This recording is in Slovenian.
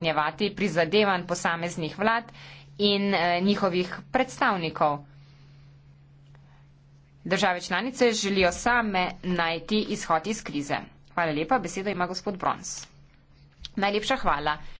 ocenjevati prizadevanj posameznih vlad in eh, njihovih predstavnikov. Države članice želijo same najti izhod iz krize. Hvala lepa, besedo ima gospod Brons. Najlepša hvala.